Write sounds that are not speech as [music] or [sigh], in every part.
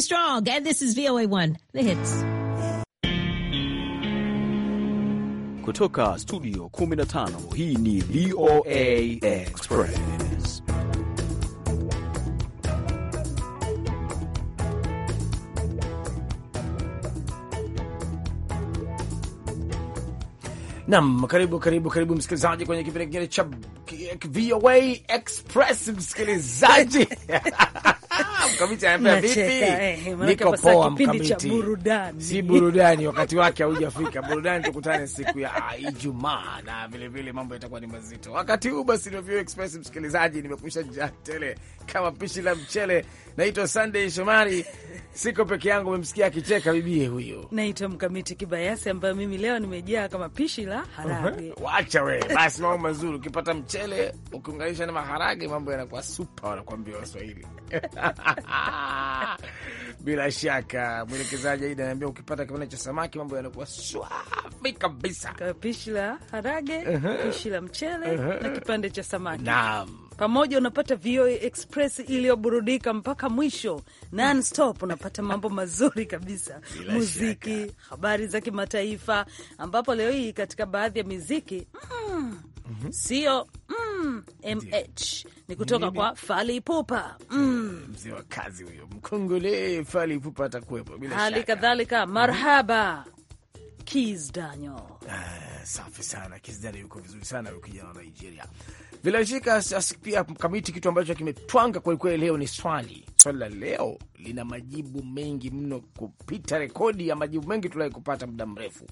Strong and this is VOA1, the hits. Kutoka studio 15 hii ni VOA Express. Nam, karibu karibu karibu msikilizaji kwenye kipindi kingine cha VOA Express msikilizaji [laughs] Eh, mkamiti anapea vipi? Niko poa mkamiti, si burudani wakati wake haujafika. Burudani tukutane siku ya ah, Ijumaa na vilevile mambo yatakuwa ni mazito wakati huu. Basi ndio View Express, msikilizaji, nimekusha jaa tele kama pishi la mchele. Naitwa Sunday Shomari, siko peke yangu. Umemsikia akicheka bibie huyo. Naitwa Mkamiti Kibayasi, ambayo mimi leo nimejaa kama pishi la harage. Uh-huh. Wacha we basi, mambo mazuri ukipata mchele ukiunganisha na maharage, mambo yanakuwa supa, wanakuambia Waswahili. [laughs] [laughs] Bila shaka mwelekezaji Aida anaambia ukipata kipande cha samaki mambo yanakuwa swafi kabisa, pishi la harage uh -huh. pishi la mchele uh -huh. na kipande cha samaki naam pamoja unapata VOA Express iliyoburudika mpaka mwisho nonstop, unapata mambo mazuri kabisa, muziki, habari za kimataifa, ambapo leo hii katika baadhi ya miziki mm, mm -hmm. sio mmh ni kutoka Mnini? kwa Fali Pupa mm. Eh, mzee wa kazi huyo Mkongole Fali Pupa atakuwepo bila shaka. Hali kadhalika mhm. marhaba Kis Daniel. Ah, safi sana Kis Daniel yuko vizuri sana huyo kijana wa Nigeria. Bila shika pia kamiti, kitu ambacho kimetwanga kwelikweli leo ni swali. Swali la leo lina majibu mengi mno kupita rekodi ya majibu mengi tuliwahi kupata muda mrefu,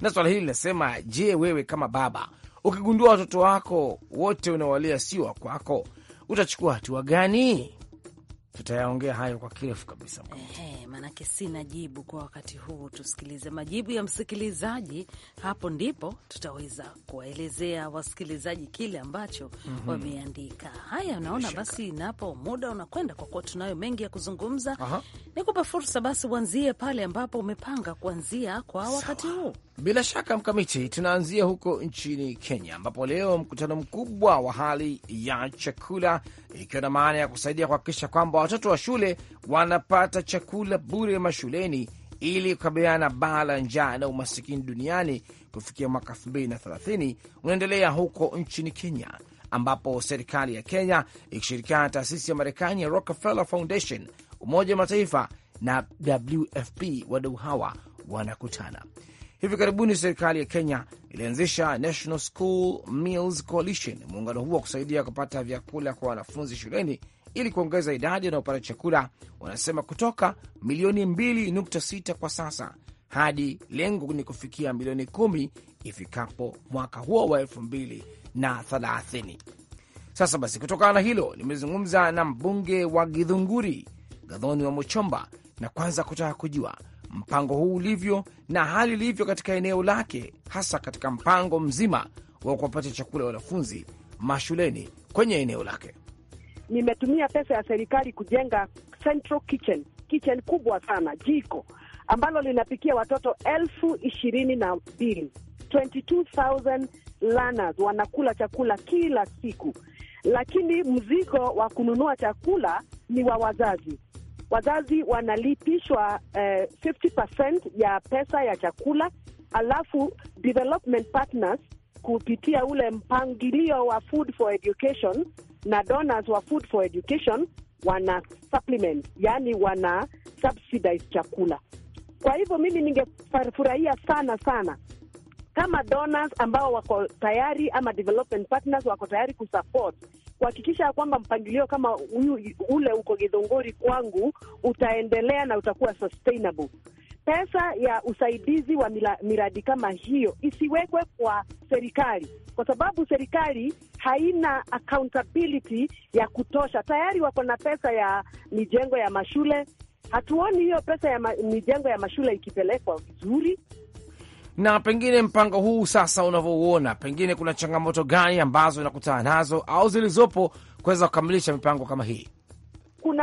na swali hili linasema, je, wewe kama baba Ukigundua watoto wako wote unawalia sio wa kwako, utachukua hatua gani? Tutayaongea hayo kwa kirefu kabisa maanake sina jibu kwa wakati huu. Tusikilize majibu ya msikilizaji, hapo ndipo tutaweza kuwaelezea wasikilizaji kile ambacho mm -hmm. wameandika. Haya, naona Basi napo muda unakwenda, kwa kuwa tunayo mengi ya kuzungumza, nikupa fursa basi uanzie pale ambapo umepanga kuanzia kwa wakati Sawa. huu bila shaka Mkamiti, tunaanzia huko nchini Kenya ambapo leo mkutano mkubwa wa hali ya chakula ikiwa na maana ya kusaidia kuhakikisha kwamba watoto wa shule wanapata chakula bure mashuleni ili kukabiliana na baa la njaa na umasikini duniani kufikia mwaka 2030 unaendelea huko nchini Kenya, ambapo serikali ya Kenya ikishirikiana na taasisi ya Marekani ya Rockefeller Foundation, Umoja wa Mataifa na WFP wadau hawa wanakutana. Hivi karibuni serikali ya Kenya ilianzisha National School Meals Coalition, muungano huo wa kusaidia kupata vyakula kwa wanafunzi shuleni ili kuongeza idadi wanaopata chakula, wanasema kutoka milioni 2.6 kwa sasa hadi lengo ni kufikia milioni kumi ifikapo mwaka huo wa elfu mbili na thelathini. Sasa basi, kutokana na hilo nimezungumza na mbunge wa Githunguri Gadhoni wa Mochomba na kwanza kutaka kujua mpango huu ulivyo na hali ilivyo katika eneo lake, hasa katika mpango mzima wa kuwapatia chakula wanafunzi mashuleni kwenye eneo lake nimetumia pesa ya serikali kujenga central kitchen, kitchen kubwa sana, jiko ambalo linapikia watoto elfu ishirini na mbili 22,000 learners wanakula chakula kila siku, lakini mzigo wa kununua chakula ni wa wazazi. Wazazi wanalipishwa eh, 50% ya pesa ya chakula, alafu development partners kupitia ule mpangilio wa food for education na donors wa Food for Education wana supplement, yani wana subsidize chakula. Kwa hivyo mimi ningefurahia sana sana kama donors ambao wako tayari ama development partners wako tayari kusupport kuhakikisha kwamba mpangilio kama ule uko Githunguri kwangu utaendelea na utakuwa sustainable pesa ya usaidizi wa miradi kama hiyo isiwekwe kwa serikali, kwa sababu serikali haina accountability ya kutosha. Tayari wako na pesa ya mijengo ya mashule, hatuoni hiyo pesa ya ma, mijengo ya mashule ikipelekwa vizuri. Na pengine mpango huu sasa unavyouona, pengine kuna changamoto gani ambazo inakutana nazo au zilizopo kuweza kukamilisha mipango kama hii?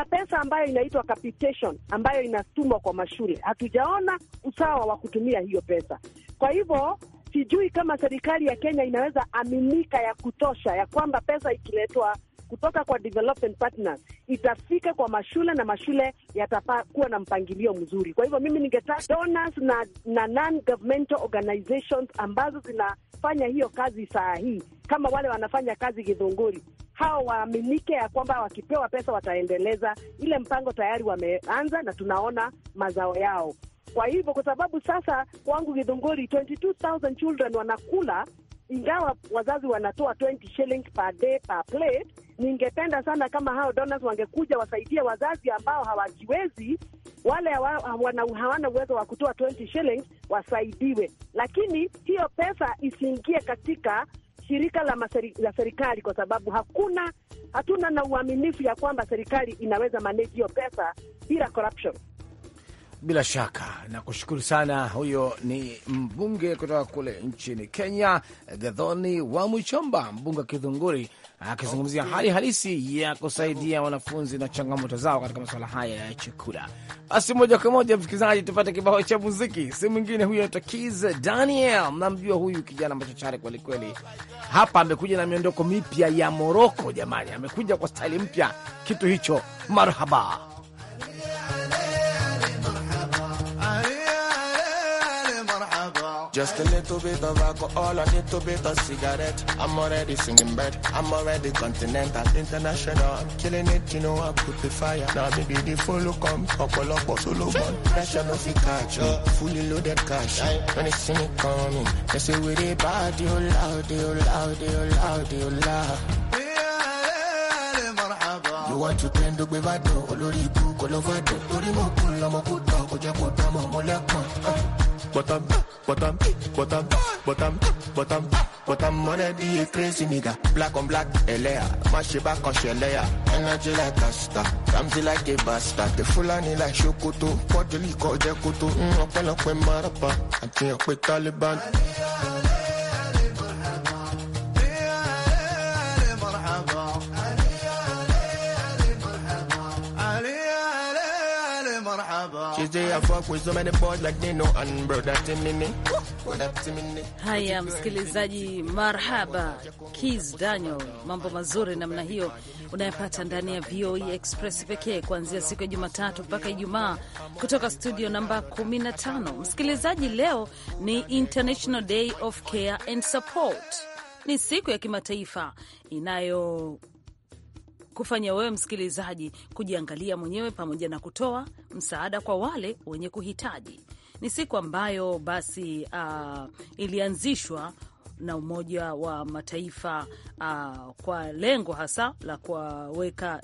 kuna pesa ambayo inaitwa capitation ambayo inatumwa kwa mashule. Hatujaona usawa wa kutumia hiyo pesa, kwa hivyo sijui kama serikali ya Kenya inaweza aminika ya kutosha ya kwamba pesa ikiletwa kutoka kwa development partners itafika kwa mashule na mashule yatakuwa na mpangilio mzuri. Kwa hivyo mimi ningetaka donors na, na non governmental organizations ambazo zinafanya hiyo kazi saa hii kama wale wanafanya kazi Githunguri hawa waaminike ya kwamba wakipewa pesa wataendeleza ile mpango tayari wameanza na tunaona mazao yao. Kwa hivyo kwa sababu sasa kwangu Githunguri 22000 children wanakula, ingawa wazazi wanatoa 20 shillings per day per plate ningependa sana kama hao donors wangekuja wasaidie wazazi ambao hawajiwezi, wale hawana uwezo wa kutoa 20 shillings wasaidiwe, lakini hiyo pesa isiingie katika shirika la, maseri, la serikali kwa sababu hakuna hatuna na uaminifu ya kwamba serikali inaweza manage hiyo pesa bila corruption. Bila shaka nakushukuru sana. Huyo ni mbunge kutoka kule nchini Kenya, Gedhoni wa Mwichomba, mbunge wa Kidhunguri akizungumzia hali halisi ya kusaidia wanafunzi na changamoto zao katika masuala haya ya chakula. Basi moja kwa moja, msikilizaji, tupate kibao cha muziki, si mwingine huyo anaitwa Kiz Daniel. Mnamjua huyu kijana machachari kwelikweli, hapa amekuja na miondoko mipya ya Moroko. Jamani, amekuja kwa stali mpya, kitu hicho marhaba Just a little bit of alcohol, a little bit of cigarette. I'm already singing bird. I'm already continental, international. I'm killing it, you know I put the fire. Now me beautiful look come, couple of or solo one. Pressure no fi catch me, fully loaded cash. When they see me coming, they say with the bad, you loud, you loud, you loud, you loud. You want to tend to be bad, olórí ikú kò lọ́fàdé. Torí mo kún lọ́mọ kú tán, kò jẹ́ kó tán mọ́ mọ́lẹ́kùn. Bottom, bottom, bottom, bottom, bottom, bottom. Money be a crazy nigga. Black on black, a layer. mash it back on layer. Energy like a star, Ramsey like a bastard. The full Fulani like Shokoto, Podoli called Jakoto. Mm, I'm gonna quit Marapa, I think i quit Taliban. Aliyah. Haya, msikilizaji, marhaba Kiz Daniel, mambo mazuri namna hiyo unayopata ndani ya voe Express pekee kuanzia siku ya Jumatatu mpaka Ijumaa kutoka studio namba 15. Msikilizaji, leo ni International Day of Care and Support, ni siku ya kimataifa inayo kufanya wewe msikilizaji kujiangalia mwenyewe pamoja na kutoa msaada kwa wale wenye kuhitaji. Ni siku ambayo basi uh, ilianzishwa na Umoja wa Mataifa uh, kwa lengo hasa la kuwaweka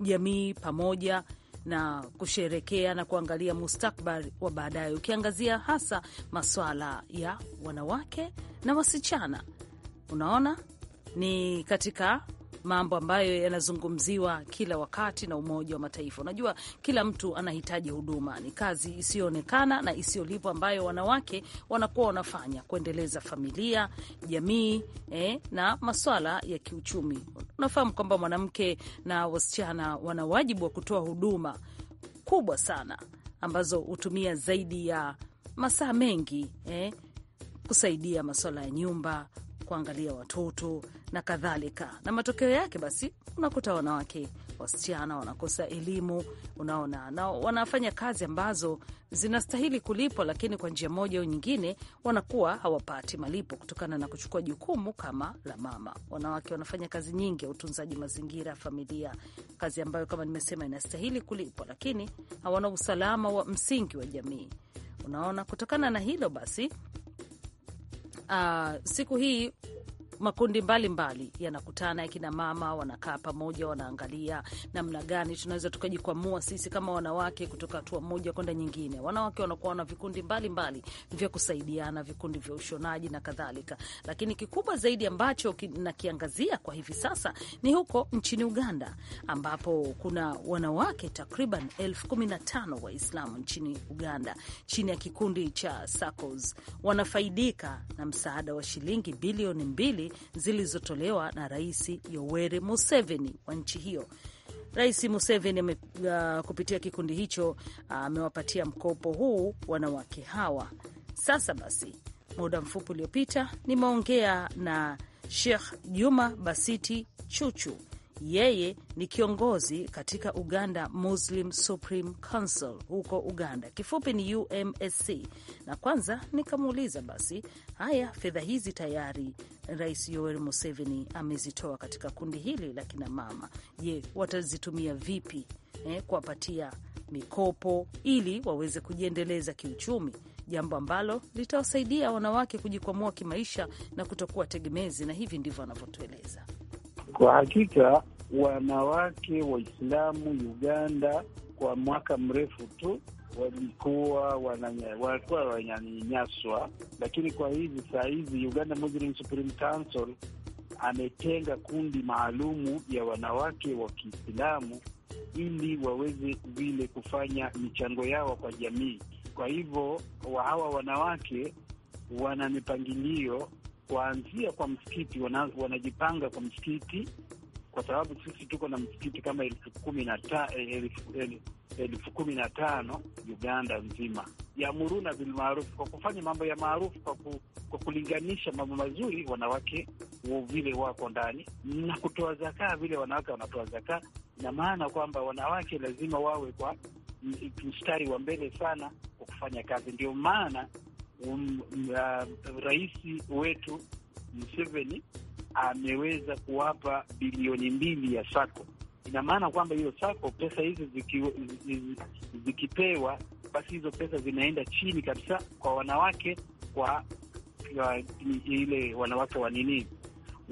jamii pamoja na kusherekea na kuangalia mustakbali wa baadaye, ukiangazia hasa maswala ya wanawake na wasichana. Unaona, ni katika mambo ambayo yanazungumziwa kila wakati na Umoja wa Mataifa. Unajua, kila mtu anahitaji huduma, ni kazi isiyoonekana na isiyolipwa ambayo wanawake wanakuwa wanafanya kuendeleza familia, jamii eh, na maswala ya kiuchumi. Unafahamu kwamba mwanamke na wasichana wana wajibu wa kutoa huduma kubwa sana ambazo hutumia zaidi ya masaa mengi eh, kusaidia masuala ya nyumba, kuangalia watoto na kadhalika, na matokeo yake basi unakuta wanawake, wasichana wanakosa elimu, unaona, na wanafanya kazi ambazo zinastahili kulipwa, lakini kwa njia moja au nyingine wanakuwa hawapati malipo kutokana na kuchukua jukumu kama la mama. Wanawake wanafanya kazi nyingi ya utunzaji mazingira, familia, kazi ambayo kama nimesema inastahili kulipwa, lakini hawana usalama wa msingi wa jamii. Unaona, kutokana na hilo basi uh, siku hii makundi mbalimbali yanakutana ya mama wanakaa pamoja, wanaangalia namna gani tunaweza tukajikwamua sisi kama wanawake kutoka hatua moja kwenda nyingine. Wanawake wanakuwa na vikundi mbalimbali vya kusaidiana, vikundi vya ushonaji na kadhalika, lakini kikubwa zaidi ambacho nakiangazia kwa hivi sasa ni huko nchini Uganda ambapo kuna wanawake takriban elfu kumi na tano Waislamu nchini Uganda chini ya kikundi cha SACCOS wanafaidika na msaada wa shilingi bilioni mbili zilizotolewa na Rais Yoweri Museveni wa nchi hiyo. Rais Museveni uh, kupitia kikundi hicho uh, amewapatia uh, mkopo huu wanawake hawa. Sasa basi, muda mfupi uliopita nimeongea na Sheikh Juma Basiti Chuchu yeye ni kiongozi katika Uganda Muslim Supreme Council huko Uganda, kifupi ni UMSC. Na kwanza nikamuuliza basi, haya fedha hizi tayari Rais Yoweri Museveni amezitoa katika kundi hili la kinamama, je, watazitumia vipi eh, kuwapatia mikopo ili waweze kujiendeleza kiuchumi, jambo ambalo litawasaidia wanawake kujikwamua kimaisha na kutokuwa tegemezi. Na hivi ndivyo anavyotueleza. Kwa hakika wanawake Waislamu Uganda kwa mwaka mrefu tu walikuwa walikuwa wananyanyaswa, lakini kwa hivi saa hizi Uganda Muslim Supreme Council ametenga kundi maalumu ya wanawake wa Kiislamu ili waweze vile kufanya michango yao kwa jamii. Kwa hivyo hawa wanawake wana mipangilio kuanzia kwa msikiti wana, wanajipanga kwa msikiti, kwa sababu sisi tuko na msikiti kama elfu kumi na ta, eh, elfu, elfu, eh, elfu kumi na tano Uganda nzima. Yamuruna bil maarufu, kwa kufanya mambo ya maarufu, kwa, ku, kwa kulinganisha mambo mazuri wanawake vile wako ndani na kutoa zakaa vile wanawake wanatoa zakaa, na maana kwamba wanawake lazima wawe kwa mstari wa mbele sana kwa kufanya kazi, ndio maana um, uh, rais wetu Museveni ameweza kuwapa bilioni mbili ya sako. Ina maana kwamba hiyo sako, pesa hizi zikipewa basi hizo pesa zinaenda chini kabisa kwa wanawake kwa, kwa ile wanawake wa nini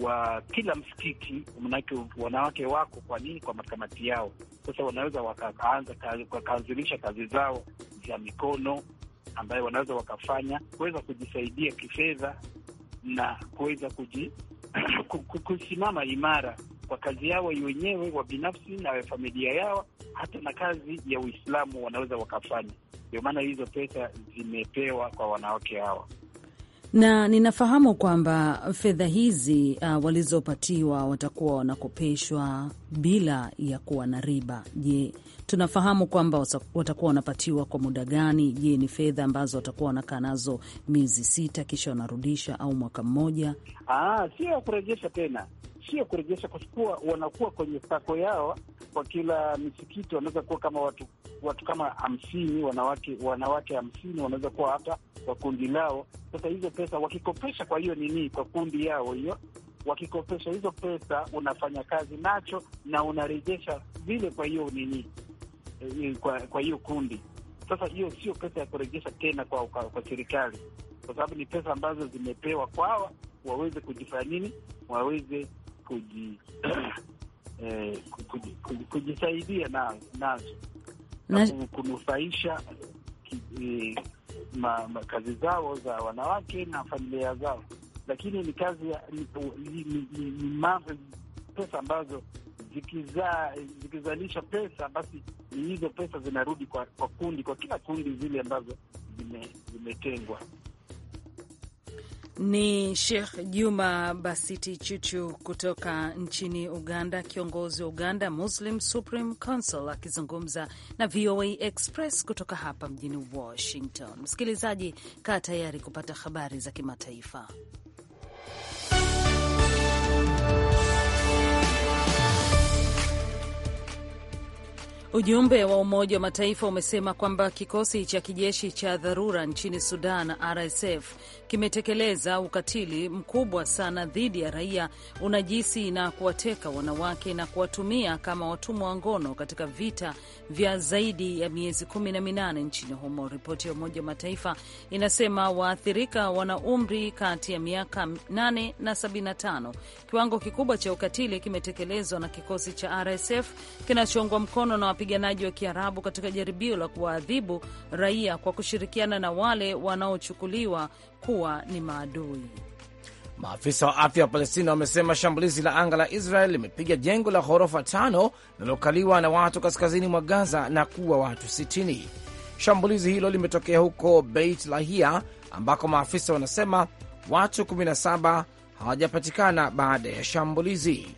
wa kila msikiti, manake wanawake wako kwa nini kwa makamati yao. Sasa wanaweza wakaanza wakaanzilisha kazi zao za mikono ambayo wanaweza wakafanya kuweza kujisaidia kifedha na kuweza kuji [clears throat] kusimama imara kwa kazi yao wenyewe wa binafsi na familia yao, hata na kazi ya Uislamu wanaweza wakafanya. Ndio maana hizo pesa zimepewa kwa wanawake hawa na ninafahamu kwamba fedha hizi uh, walizopatiwa watakuwa wanakopeshwa bila ya kuwa na riba. Je, tunafahamu kwamba watakuwa wanapatiwa kwa muda gani? Je, ni fedha ambazo watakuwa wanakaa nazo miezi sita kisha wanarudisha au mwaka mmoja? Ah, sio ya kurejesha tena, sio kurejesha, kwa wanakuwa kwenye sako yao. Kwa kila misikiti wanaweza kuwa kama watu watu kama hamsini, wanawake wanawake hamsini wanaweza kuwa hata kwa kundi lao. Sasa hizo pesa wakikopesha, kwa hiyo nini, kwa kundi yao hiyo wakikopesha hizo pesa, unafanya kazi nacho na unarejesha vile. Kwa hiyo nini, Eh, kwa kwa hiyo kundi. Sasa hiyo sio pesa ya kurejesha tena kwa kwa, kwa serikali, kwa sababu ni pesa ambazo zimepewa kwawa waweze kujifanya nini, waweze kuji, [clears throat] eh, kujisaidia na nazo na kunufaisha eh, ma, ma, kazi zao za wanawake na familia zao, lakini ni kazi ya, ni, ni, ni, ni, ni, ni pesa ambazo zikizalisha pesa basi hizo pesa zinarudi kwa, kwa kundi kwa kila kundi zile ambazo zimetengwa. Ni Sheikh Juma Basiti Chuchu kutoka nchini Uganda, kiongozi wa Uganda Muslim Supreme Council akizungumza na VOA Express kutoka hapa mjini Washington. Msikilizaji, kaa tayari kupata habari za kimataifa. Ujumbe wa Umoja wa Mataifa umesema kwamba kikosi cha kijeshi cha dharura nchini Sudan, RSF, kimetekeleza ukatili mkubwa sana dhidi ya raia, unajisi na kuwateka wanawake na kuwatumia kama watumwa wa ngono katika vita vya zaidi ya miezi kumi na minane nchini humo. Ripoti ya Umoja wa Mataifa inasema waathirika wana umri kati ya miaka 8 na 75. Kiwango kikubwa cha ukatili kimetekelezwa na kikosi cha RSF kinachoungwa mkono na wapiganaji wa Kiarabu katika jaribio la kuwaadhibu raia kwa kushirikiana na wale wanaochukuliwa kuwa ni maadui. Maafisa wa afya wa Palestina wamesema shambulizi la anga la Israel limepiga jengo la ghorofa tano linalokaliwa na watu kaskazini mwa Gaza na kuua watu 60. Shambulizi hilo limetokea huko Beit Lahia ambako maafisa wanasema watu 17 hawajapatikana baada ya shambulizi.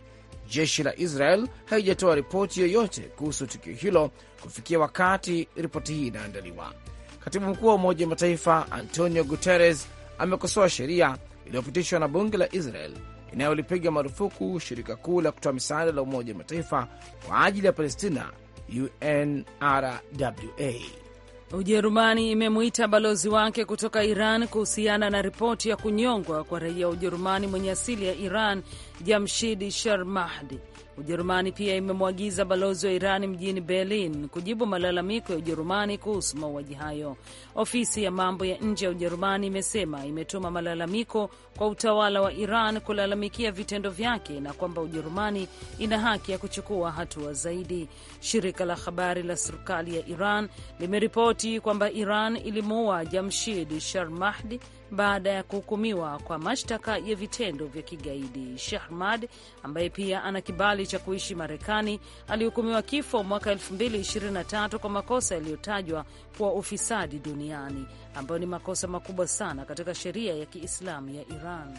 Jeshi la Israel haijatoa ripoti yoyote kuhusu tukio hilo kufikia wakati ripoti hii inaandaliwa. Katibu mkuu wa Umoja wa Mataifa Antonio Guterres amekosoa sheria iliyopitishwa na bunge la Israel inayolipiga marufuku shirika kuu la kutoa misaada la Umoja wa Mataifa kwa ajili ya Palestina, UNRWA. Ujerumani imemwita balozi wake kutoka Iran kuhusiana na ripoti ya kunyongwa kwa raia wa Ujerumani mwenye asili ya Iran Jamshid Sharmahdi Ujerumani pia imemwagiza balozi wa Irani mjini Berlin kujibu malalamiko ya Ujerumani kuhusu mauaji hayo. Ofisi ya mambo ya nje ya Ujerumani imesema imetuma malalamiko kwa utawala wa Iran kulalamikia vitendo vyake na kwamba Ujerumani ina haki ya kuchukua hatua zaidi. Shirika la habari la serikali ya Iran limeripoti kwamba Iran ilimuua Jamshid Sharmahdi baada ya kuhukumiwa kwa mashtaka ya vitendo vya kigaidi. Shahmad ambaye pia ana kibali cha kuishi Marekani alihukumiwa kifo mwaka 2023 kwa makosa yaliyotajwa kuwa ufisadi duniani, ambayo ni makosa makubwa sana katika sheria ya Kiislamu ya Iran.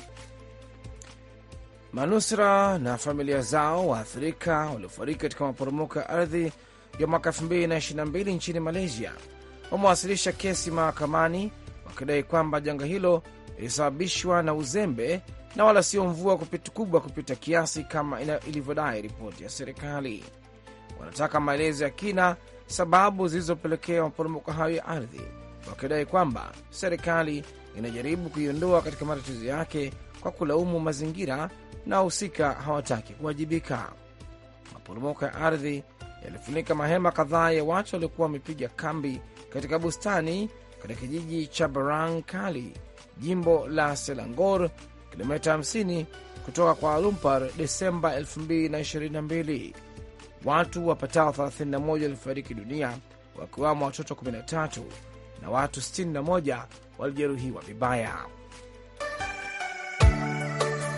Manusra na familia zao waathirika waliofariki katika maporomoko ya ardhi ya mwaka 2022 nchini Malaysia wamewasilisha kesi mahakamani wakidai kwamba janga hilo lilisababishwa na uzembe na wala sio mvua kubwa kupita kiasi kama ilivyodai ripoti ya serikali. Wanataka maelezo ya kina sababu zilizopelekea maporomoko hayo ya ardhi, wakidai kwamba serikali inajaribu kuiondoa katika matatizo yake kwa kulaumu mazingira na wahusika hawataki kuwajibika. Maporomoko ya ardhi yalifunika mahema kadhaa ya watu waliokuwa wamepiga kambi katika bustani katika kijiji cha Barang Kali, jimbo la Selangor, kilomita 50 kutoka kwa Lumpur, Desemba 2022. Watu wapatao 31 walifariki dunia wakiwamo watoto 13 na watu 61 walijeruhiwa vibaya.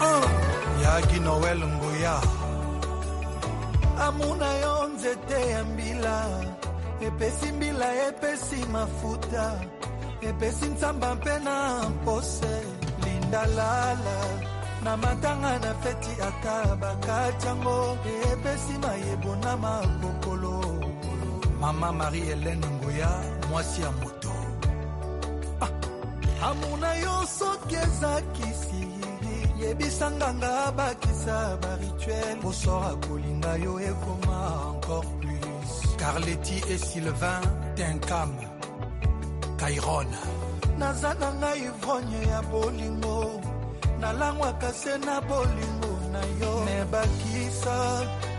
Oh, noel nguya epesi mbila epesi mafuta epesi nzamba mpe na mpose lindalala na matanga na feti ata bakatango epesi mayebo na makokolo mama marie helene ngoya mwasi ya moto ah. amuna yo soki eza kisi yebisa nganga bakisa barituel kosora kolinga yo ekoma encore plus Carletti et Sylvain Tinkam Kairon Nazana na ngai ivrogne ya bolingo nalangwa na bolingo na yo bakisa,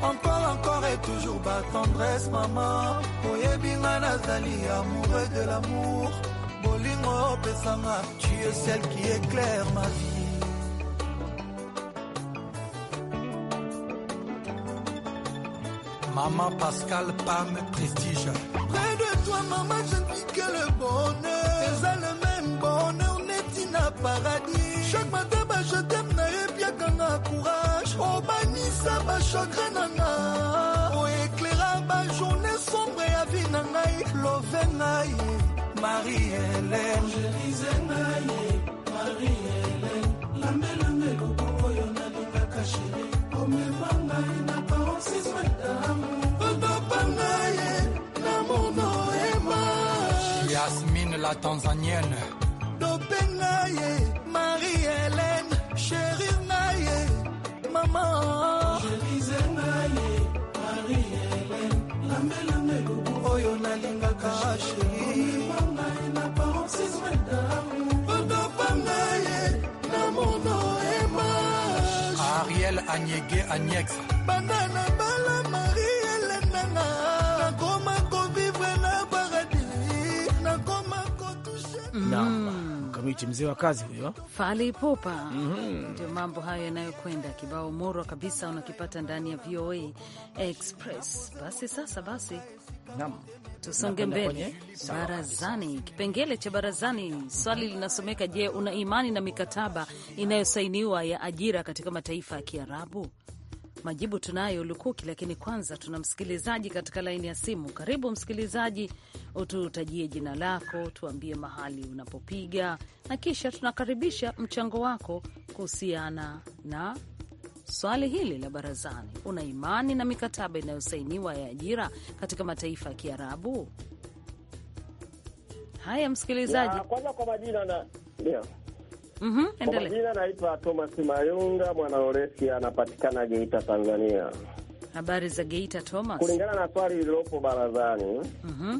encore encore et toujours batendresse maman. oyebi nga nazali amoureux de l'amour bolingo pesama, tu es celle qui éclaire ma vie Maman Pascal, Pam, Prestige. Près de toi, maman, je ne vis que le bonheur. Elles le même bonheur, on le Paradis. Chaque matin, bah, je t'aime, bien qu'on courage. Oh, bah, ça, bah, chagrin, nana. Oh, éclaira, bah, journée sombre et vie nanaï. Love, naï, Marie-Hélène. Je disais, naï, Marie-Hélène. La mêle, le na on a l'ingaka Oh, mais, n'a pas, aussi la tanzanienne. Marie-Hélène, chérie Naye, maman. Chérie Naye, Marie-Hélène, Oyo na Ariel Anyege Anyex. Banana banana. Mkamiti, mzee wa kazi huyo, Fali Ipupa. mm -hmm. Ndio mambo hayo yanayokwenda kibao moro kabisa, unakipata ndani ya VOA Express. Basi sasa, basi Nam. Tusonge mbele barazani. Kipengele cha barazani, swali linasomeka: Je, una imani na mikataba inayosainiwa ya ajira katika mataifa ya Kiarabu? Majibu tunayo lukuki, lakini kwanza tuna msikilizaji katika laini ya simu. Karibu msikilizaji, ututajie jina lako, tuambie mahali unapopiga na kisha tunakaribisha mchango wako kuhusiana na swali hili la barazani. Una imani na mikataba inayosainiwa ya ajira katika mataifa ya Kiarabu? Haya msikilizaji, kwanza kwa majina na ndio Mm -hmm, kwa majina naitwa Thomas Mayunga mwanaoresi, anapatikana Geita, Tanzania. Habari za Geita, Thomas. Kulingana na swali lililopo barazani, mm -hmm.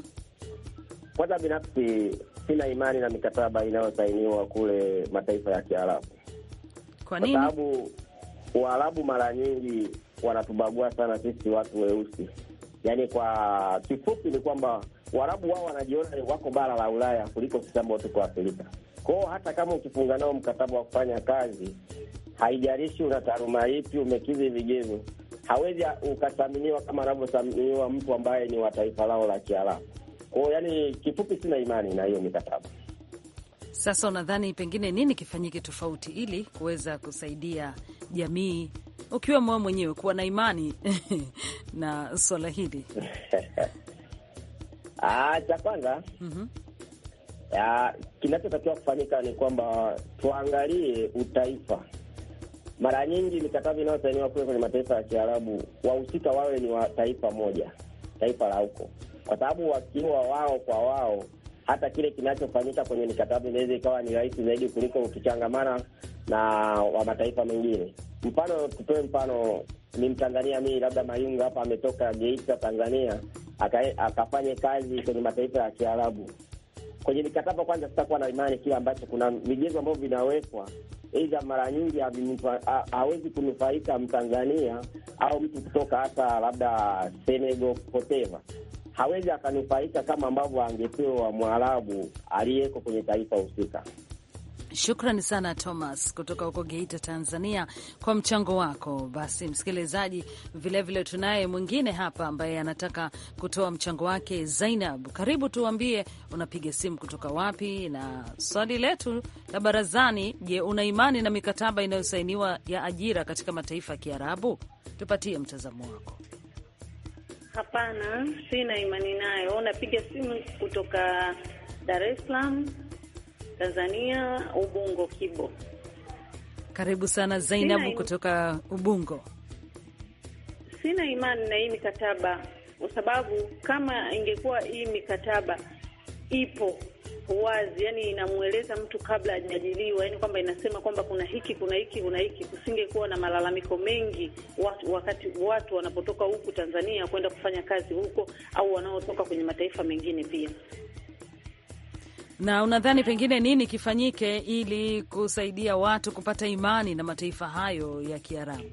kwanza binafsi sina imani na mikataba inayosainiwa kule mataifa ya Kiarabu. Kwa nini? Kwa sababu Waarabu mara nyingi wanatubagua sana sisi watu weusi. Yaani kwa kifupi ni kwamba Waarabu wao wanajiona wako bara la Ulaya kuliko sisi ambao tuko Afrika kwao. Hata kama ukifunga nao mkataba wa kufanya kazi, haijarishi una taaluma ipi, umekidhi vigezo, hawezi ukathaminiwa kama anavyothaminiwa mtu ambaye ni wa taifa lao la Kiarabu. Kwao yani, kifupi, sina imani na hiyo mikataba. Sasa unadhani pengine nini kifanyike tofauti ili kuweza kusaidia jamii mwa mwenyewe kuwa na imani [laughs] na swala hili? [laughs] Ah, cha kwanza mm -hmm. Kinachotakiwa kufanyika ni kwamba tuangalie utaifa. Mara nyingi mikataba inayosainiwa kule kwenye mataifa ya Kiarabu, wahusika wawe ni wa taifa moja, taifa la huko, kwa sababu wakiwa wao kwa wao, hata kile kinachofanyika kwenye mikataba inaweza ikawa ni rahisi zaidi kuliko ukichangamana na wa mataifa mengine. Mfano, tutoe mfano, ni Mtanzania mii, labda Mayunga hapa ametoka Geita, Tanzania, akafanye kazi kwenye mataifa ya Kiarabu kwenye mikataba kwanza, sitakuwa na imani kile ambacho kuna vigezo ambavyo vinawekwa, aidha mara nyingi hawezi kunufaika Mtanzania au mtu kutoka hata labda Senegal poteva hawezi akanufaika kama ambavyo angepewa Mwarabu aliyeko kwenye taifa husika. Shukrani sana Thomas kutoka huko Geita, Tanzania, kwa mchango wako. Basi msikilizaji, vilevile tunaye mwingine hapa ambaye anataka kutoa mchango wake. Zainab, karibu, tuambie unapiga simu kutoka wapi, na swali letu la barazani, je, una imani na mikataba inayosainiwa ya ajira katika mataifa ya Kiarabu? Tupatie mtazamo wako. Hapana, sina imani nayo. Unapiga simu kutoka Dar es Salaam. Tanzania, Ubungo Kibo. Karibu sana Zainabu kutoka Ubungo. Sina imani na hii mikataba kwa sababu kama ingekuwa hii mikataba ipo wazi, yani inamweleza mtu kabla hajajiliwa, yani kwamba inasema kwamba kuna hiki kuna hiki kuna hiki, kusingekuwa na malalamiko mengi watu, wakati watu wanapotoka huku Tanzania kwenda kufanya kazi huko au wanaotoka kwenye mataifa mengine pia. Na unadhani pengine nini kifanyike ili kusaidia watu kupata imani na mataifa hayo ya Kiarabu?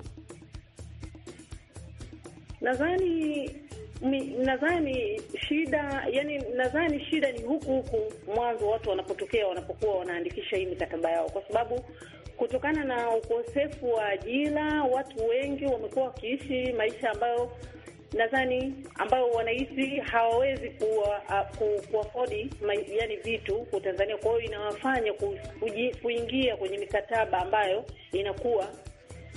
Nadhani nadhani shida yani, nadhani shida ni huku huku mwanzo watu wanapotokea, wanapokuwa wanaandikisha hii mikataba yao, kwa sababu kutokana na ukosefu wa ajira, watu wengi wamekuwa wakiishi maisha ambayo nadhani ambao wanahisi hawawezi ah, kuafodi yani vitu kwa Tanzania. Kwa hiyo inawafanya kuingia kwenye mikataba ambayo inakuwa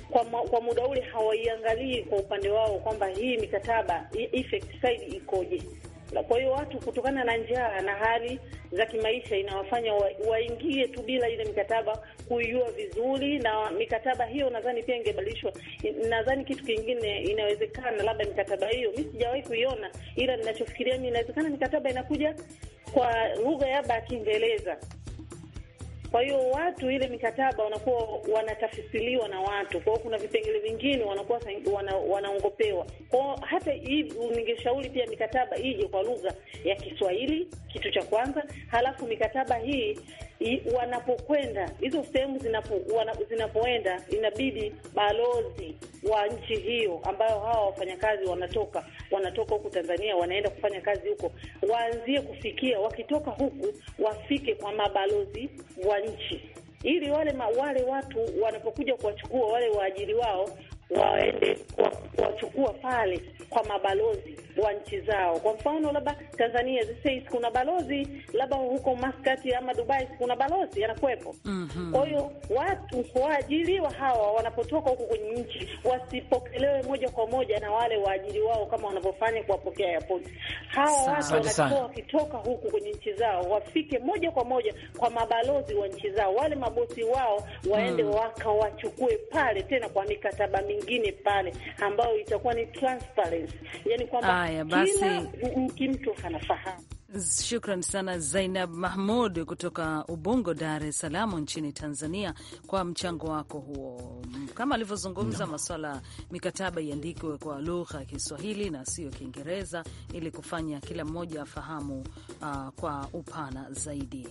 kwa, kwa muda ule hawaiangalii kwa upande wao kwamba hii mikataba effect side ikoje. Kwa hiyo watu kutokana na njaa na hali za kimaisha inawafanya waingie tu bila ile mikataba kuijua vizuri, na mikataba hiyo nadhani pia ingebadilishwa. Nadhani kitu kingine inawezekana, labda mikataba hiyo mi sijawahi kuiona, ila ninachofikiria mi, inawezekana mikataba inakuja kwa lugha yaba ya Kiingereza kwa hiyo watu, ile mikataba wanakuwa wanatafisiliwa na watu, kwa hiyo kuna vipengele vingine wanakuwa wana, wanaongopewa kwao. Hata hivi ningeshauri pia mikataba ije kwa lugha ya Kiswahili, kitu cha kwanza, halafu mikataba hii wanapokwenda hizo sehemu zinapo, zinapoenda inabidi balozi wa nchi hiyo ambayo hawa wafanyakazi wanatoka wanatoka huku Tanzania wanaenda kufanya kazi huko, waanzie kufikia, wakitoka huku wafike kwa mabalozi wa nchi, ili wale ma, wale watu wanapokuja kuwachukua wale waajiri wao waende wachukua pale kwa mabalozi wa nchi zao. Kwa mfano, labda Tanzania zisei kuna balozi labda huko Maskati ama Dubai kuna balozi anakuwepo. mm -hmm. Kwa hiyo watu waajiriwa hawa wanapotoka huko kwenye nchi wasipokelewe moja kwa moja na wale waajiri wao kama wanavyofanya kuwapokea airport. Hawa watu wanatakiwa wakitoka huku kwenye nchi zao wafike moja kwa moja kwa mabalozi wa nchi zao, wale mabosi wao waende mm. wakawachukue pale tena kwa mikataba mingi nyingine pale ambayo itakuwa ni transparency, yani kwamba kila mtu anafahamu. Shukran sana Zainab Mahmud kutoka Ubungo, Dar es Salaam nchini Tanzania, kwa mchango wako huo. Kama alivyozungumza no. maswala mikataba iandikwe kwa lugha ya Kiswahili na sio Kiingereza ili kufanya kila mmoja afahamu uh, kwa upana zaidi.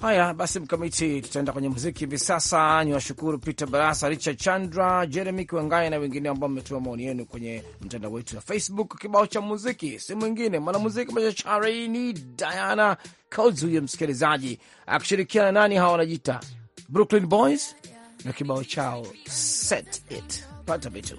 Haya basi, Mkamiti, tutaenda kwenye muziki hivi sasa. Ni washukuru Peter Barasa, Richard Chandra, Jeremy kiwangae na wengine ambao mmetuma maoni yenu kwenye mtandao wetu wa Facebook. Kibao cha muziki si mwingine mwanamuziki machachari ni Diana Cods, huyo msikilizaji akishirikiana nani, hawa wanajiita Brooklyn Boys na kibao chao set it pata vitu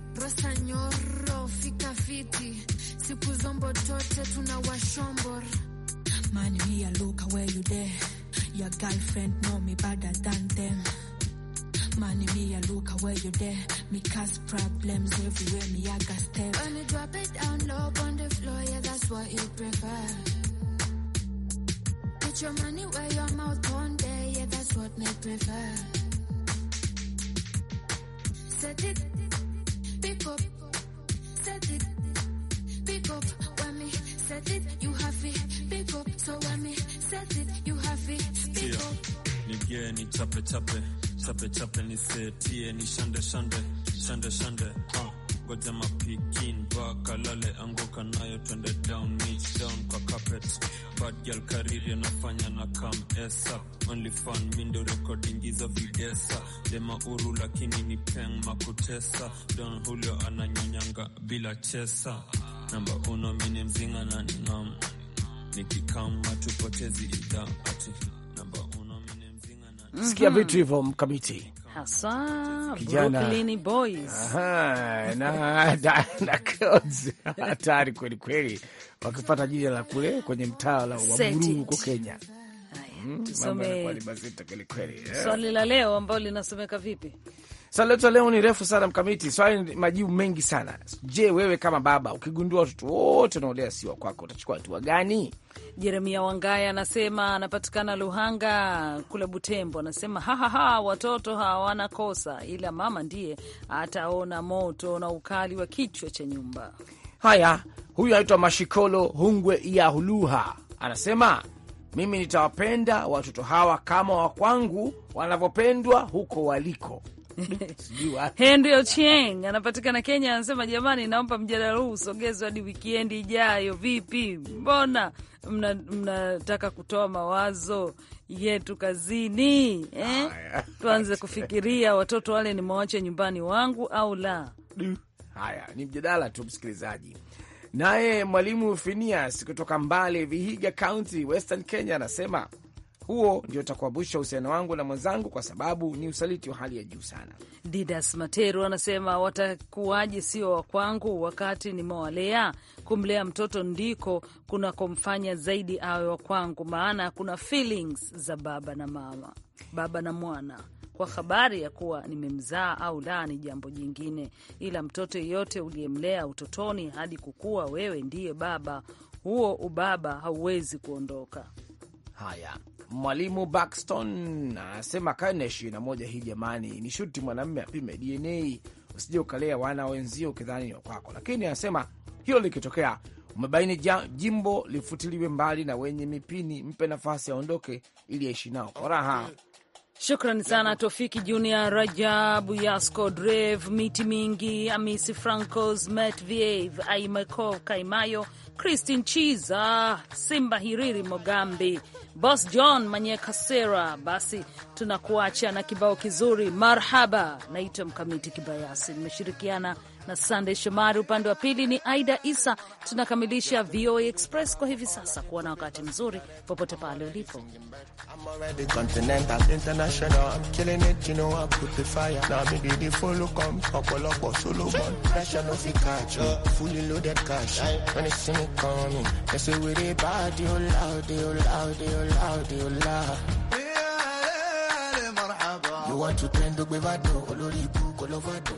Rasa Nyoro fika fiti, siku zombo tote tuna washombor man me a look where you there your girlfriend know me better than them man me a look where you there me cause problems everywhere me I got step when you drop it down low on the floor yeah that's what you prefer put your money where your mouth on there yeah that's what me prefer set it Pick up, set it. Pick up, when me set it, you have it. Pick up, so when me set it, you have it. Pick up. Nigie ni chape chape, chape chape ni setie ni shande shande, shande shande. Huh. ngoja mapikin baka lale, anguka nayo, twende down meet down kwa carpet. Bad girl kariri anafanya na kam esa only fan mindo recording hizo videsa dema uru, lakini ni peng makutesa don Julio ananyanyanga bila chesa namba uno ni mzinga na ningam nikikama tupotezi ida ati namba uno ni mzinga na sikia vitu hivyo mkamiti hasa Brooklyn Boys [laughs] hatari kweli kweli, wakipata jina la kule kwenye mtaa la Waburu huko Kenya. Hmm, tusome swali la leo ambalo linasomeka vipi? Swali letu leo ni refu sana mkamiti, swali majibu mengi sana. Je, wewe kama baba ukigundua watoto wote wanaolea si wa kwako utachukua hatua gani? Jeremia Wangaya anasema anapatikana Luhanga kule Butembo, anasema hahaha, watoto hawana kosa, ila mama ndiye ataona moto na ukali wa kichwa cha nyumba. Haya, huyu anaitwa Mashikolo Hungwe ya Huluha, anasema mimi nitawapenda watoto hawa kama wakwangu wanavyopendwa huko waliko. Henry Ochieng anapatikana Kenya, anasema jamani, naomba mjadala huu usogezwe hadi wikiendi ijayo. Vipi, mbona mnataka mna kutoa mawazo yetu kazini eh? Tuanze kufikiria watoto wale nimewacha nyumbani wangu au la. Haya ni mjadala tu, msikilizaji. Naye mwalimu Finias kutoka Mbale, Vihiga County, Western Kenya, anasema huo ndio utakuabusha uhusiano wangu na mwenzangu, kwa sababu ni usaliti wa hali ya juu sana. Didas Materu anasema watakuwaje sio wa kwangu wakati nimewalea? Kumlea mtoto ndiko kunakomfanya zaidi awe wa kwangu, maana kuna feelings za baba na mama, baba na mwana kwa habari ya kuwa nimemzaa au la ni jambo jingine, ila mtoto yeyote uliyemlea utotoni hadi kukua, wewe ndiye baba. Huo ubaba hauwezi kuondoka. Haya, mwalimu Baxton anasema karne ishirini na moja hii jamani, ni shuti mwanamme apime DNA, usije ukalea wana wenzio ukidhani ni wakwako. Lakini anasema hilo likitokea, umebaini jimbo lifutiliwe mbali na wenye mipini, mpe nafasi aondoke ili aishi nao kwa raha. Shukran sana Tofiki Junior, Rajab Yasco, Drev Miti Mingi, Amisi Francos, Met Vieve, Aimeco Kaimayo, Christin Chiza, Simba Hiriri, Mogambi, Bos John manyekasera Basi tunakuacha na kibao kizuri, marhaba. Naitwa Mkamiti Kibayasi, nimeshirikiana na Sandey Shomari, upande wa pili ni Aida Isa. Tunakamilisha VOA Express kwa hivi sasa. Kuwa na wakati mzuri popote pale ulipo. You want to tend to be